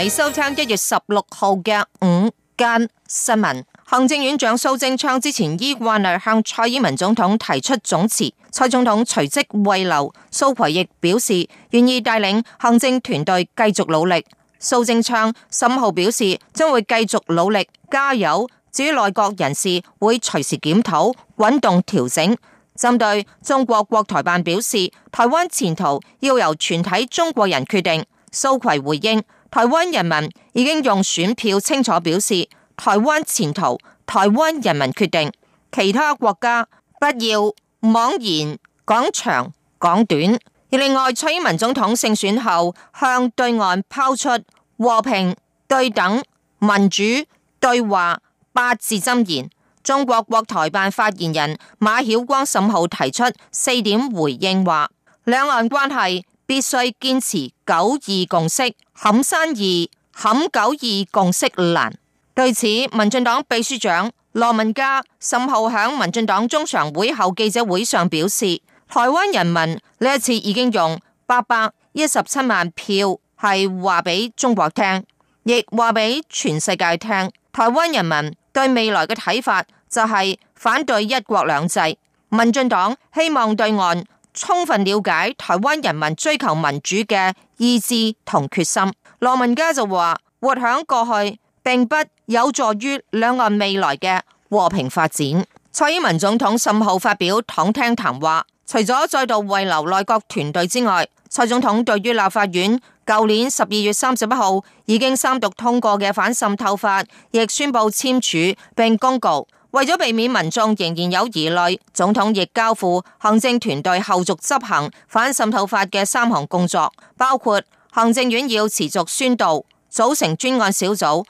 你收聽一月十六號嘅午間新聞。行政院長蘇貞昌之前依慣例向蔡英文總統提出總辭，蔡總統隨即慰留。蘇揆亦表示願意帶領行政團隊繼續努力。蘇貞昌十五號表示將會繼續努力加油。至於內閣人士會隨時檢討、滾動調整。針對中國國台辦表示台灣前途要由全體中國人決定，蘇揆回應。台灣人民已經用選票清楚表示台灣前途，台灣人民決定，其他國家不要妄言講長講短。另外，蔡英文總統勝選後向對岸拋出和平、對等、民主對話八字真言。中國國台辦發言人馬曉光十五號提出四點回應，話兩岸關係必須堅持九二共識。撼山易，撼九二共識難。對此，民進黨秘書長羅文嘉十號響民進黨中常會後記者會上表示，台灣人民呢一次已經用八百一十七萬票係話俾中國聽，亦話俾全世界聽。台灣人民對未來嘅睇法就係反對一國兩制。民進黨希望對岸。充分了解台灣人民追求民主嘅意志同決心，羅文嘉就話：活響過去並不有助於兩岸未來嘅和平發展。蔡英文總統甚後發表敞廳談話，除咗再度慰留內閣團隊之外，蔡總統對於立法院舊年十二月三十一號已經三讀通過嘅反滲透法，亦宣佈簽署並公告。為咗避免民眾仍然有疑慮，總統亦交付行政團隊後續執行反滲透法嘅三項工作，包括行政院要持續宣導、組成專案小組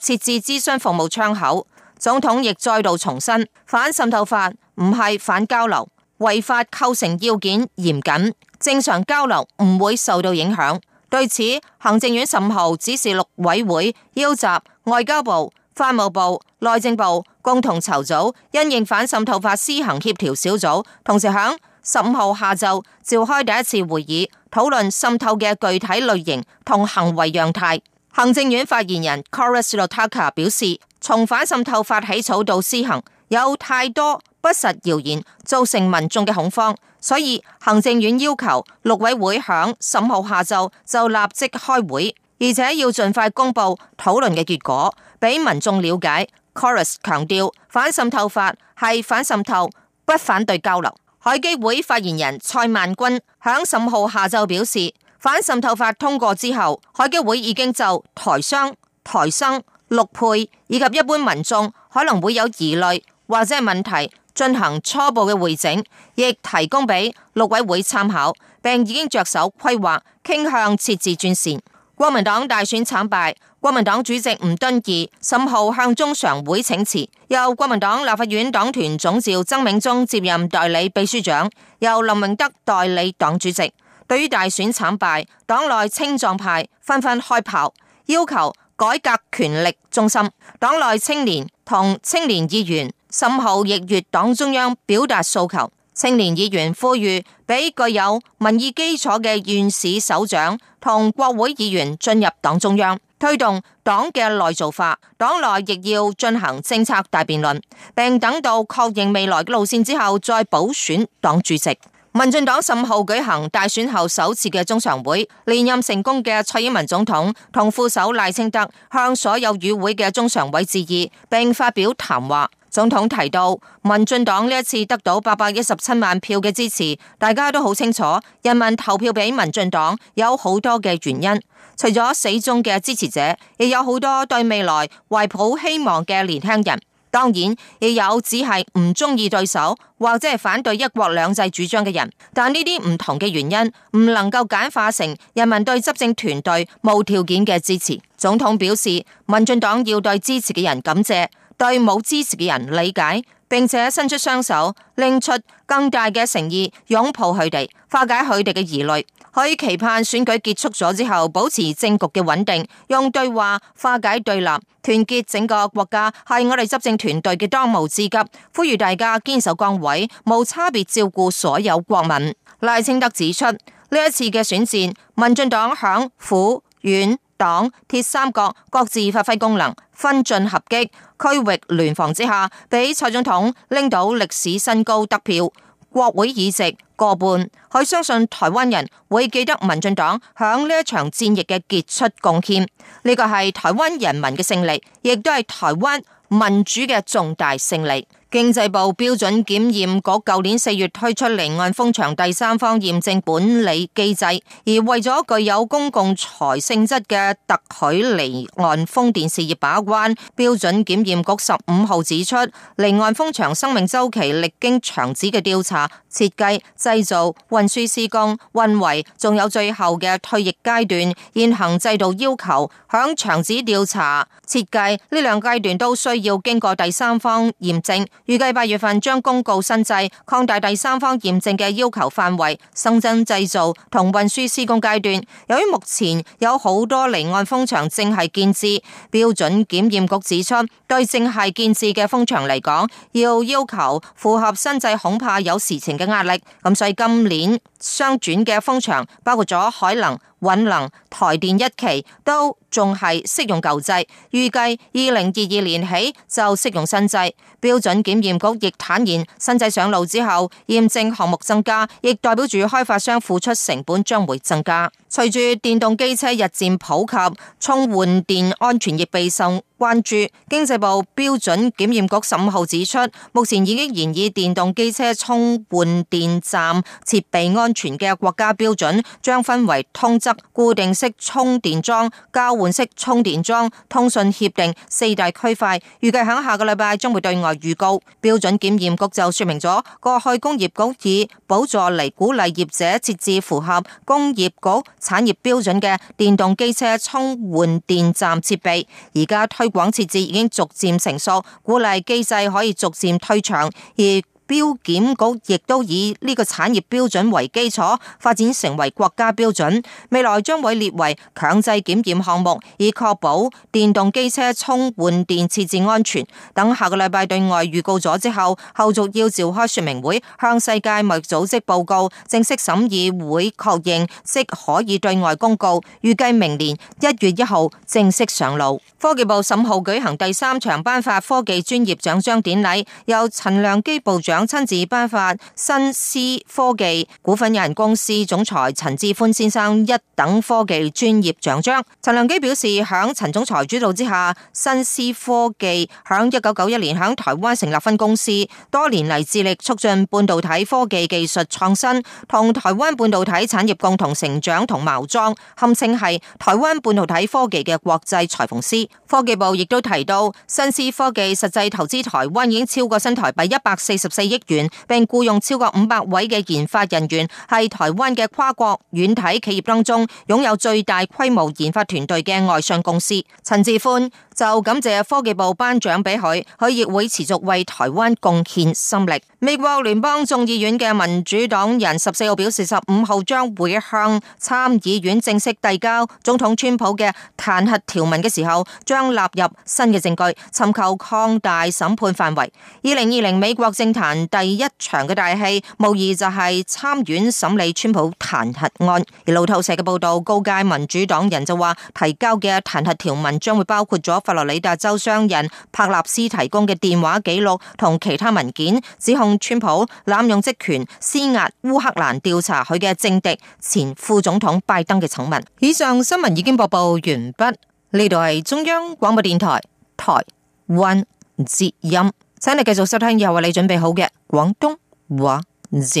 及設置諮詢服務窗口。總統亦再度重申，反滲透法唔係反交流，違法構成要件嚴謹，正常交流唔會受到影響。對此，行政院十五號指示陸委會邀集外交部。法務部、內政部共同籌組因應反滲透法施行協調小組，同時響十五號下晝召開第一次會議，討論滲透嘅具體類型同行為樣態。行政院發言人 Kolas Yotaka 表示，從反滲透法起草到施行，有太多不實謠言造成民眾嘅恐慌，所以行政院要求陸委會響十五號下晝就立即開會。而且要盡快公布討論嘅結果，俾民眾了解。Chorus 強調反滲透法係反滲透，不反對交流。海基會發言人蔡萬君響十五號下晝表示，反滲透法通過之後，海基會已經就台商、台生、陸配以及一般民眾可能會有疑慮或者問題進行初步嘅匯整，亦提供俾陸委會參考。並已經着手規劃傾向設置專綫。國民黨大選慘敗，國民黨主席吳敦義深號向中常會請辭，由國民黨立法院黨團總召曾銘宗接任代理秘書長，由林榮德代理黨主席。對於大選慘敗，黨內青壯派紛紛開炮，要求改革權力中心。黨內青年同青年議員深號亦越黨中央表達訴求。青年議員呼籲，俾具有民意基礎嘅院士首長同國會議員進入黨中央，推動黨嘅內造化，黨內亦要進行政策大辯論，並等到確認未來嘅路線之後再補選黨主席。民進黨十五號舉行大選後首次嘅中常會，連任成功嘅蔡英文總統同副手賴清德向所有與會嘅中常委致意，並發表談話。總統提到，民進黨呢一次得到八百一十七萬票嘅支持，大家都好清楚，人民投票俾民進黨有好多嘅原因，除咗死忠嘅支持者，亦有好多對未來懷抱希望嘅年輕人，當然亦有只係唔中意對手或者係反對一國兩制主張嘅人。但呢啲唔同嘅原因，唔能夠簡化成人民對執政團隊無條件嘅支持。總統表示，民進黨要對支持嘅人感謝。對冇支持嘅人理解，並且伸出雙手，拎出更大嘅誠意，擁抱佢哋，化解佢哋嘅疑慮。可以期盼選舉結束咗之後，保持政局嘅穩定，用對話化解對立，團結整個國家，係我哋執政團隊嘅當務之急。呼籲大家堅守崗位，冇差別照顧所有國民。賴清德指出呢一次嘅選戰，民進黨響府、院、黨鐵三角各自發揮功能，分進合擊。區域聯防之下，俾蔡總統拎到歷史新高得票，國會議席過半，佢相信台灣人會記得民進黨響呢一場戰役嘅傑出貢獻。呢個係台灣人民嘅勝利，亦都係台灣民主嘅重大勝利。經濟部標準檢驗局舊年四月推出離岸風場第三方驗證管理機制，而為咗具有公共財性質嘅特許離岸風電事業把關，標準檢驗局十五號指出，離岸風場生命周期歷經場址嘅調查、設計、製造、運輸、施工、運維，仲有最後嘅退役階段。現行制度要求響場址調查、設計呢兩階段都需要經過第三方驗證。預計八月份將公告新制，擴大第三方驗證嘅要求範圍，新增製造同運輸施工階段。由於目前有好多離岸風場正係建置，標準檢驗局指出，對正係建置嘅風場嚟講，要要求符合新制，恐怕有事情，嘅壓力，咁所以今年雙轉嘅風場包括咗海能。允能台電一期都仲係適用舊制，預計二零二二年起就適用新制。標準檢驗局亦坦言，新制上路之後，驗證項目增加，亦代表住開發商付出成本將會增加。隨住電動機車日漸普及，充換電安全亦備受關注。經濟部標準檢驗局十五號指出，目前已經研擬電動機車充換電站設備安全嘅國家標準，將分為通則、固定式充電樁、交換式充電樁、通訊協定四大區塊，預計喺下個禮拜將會對外預告。標準檢驗局就說明咗，過去工業局以補助嚟鼓勵業者設置符合工業局產業標準嘅電動機車充換電站設備，而家推廣設置已經逐漸成熟，鼓勵機制可以逐漸推長而。標檢局亦都以呢個產業標準為基礎發展成為國家標準，未來將會列為強制檢驗項目，以確保電動機車充換電設置安全。等下個禮拜對外預告咗之後，後續要召開說明會向世界貿易組織報告，正式審議會確認，即可以對外公告。預計明年一月一號正式上路。科技部審號舉行第三場頒發科技專業獎章典禮，由陳良基部長，親自頒發新思科技股份有限公司總裁陳志寬先生一等科技專業獎章。陳良基表示，響陳總裁主導之下，新思科技響一九九一年響台灣成立分公司，多年嚟致力促進半導體科技技術創新同台灣半導體產業共同成長同茁壯，堪稱係台灣半導體科技嘅國際裁縫師。科技部亦都提到，新思科技實際投資台灣已經超過新台幣一百四十四。億元，並僱傭超過五百位嘅研發人員，係台灣嘅跨國軟體企業當中擁有最大規模研發團隊嘅外商公司。陳志寬，就感謝科技部頒獎俾佢，佢亦會持續為台灣貢獻心力。美國聯邦眾議院嘅民主黨人十四號表示，十五號將會向參議院正式遞交總統川普嘅彈劾條文嘅時候，將納入新嘅證據，尋求擴大審判範圍。二零二零美國政壇第一場嘅大戲無疑就係參院審理川普彈劾案。而路透社嘅報道，高階民主黨人就話提交嘅彈劾條文將會包括咗。佛羅里達州商人帕納斯提供嘅電話記錄同其他文件，指控川普濫用職權、施壓烏克蘭調查佢嘅政敵前副總統拜登嘅醜聞。以上新聞已經播報完畢，呢度係中央廣播電台台灣節音，請你繼續收聽。以後為你準備好嘅廣東話節目。